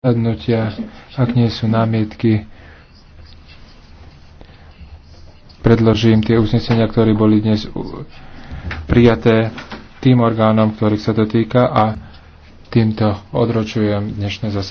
zasadnutia, ak nie sú námietky, predložím tie uznesenia, ktoré boli dnes prijaté tým orgánom, ktorých sa to týka a týmto odročujem dnešné zasadnutie.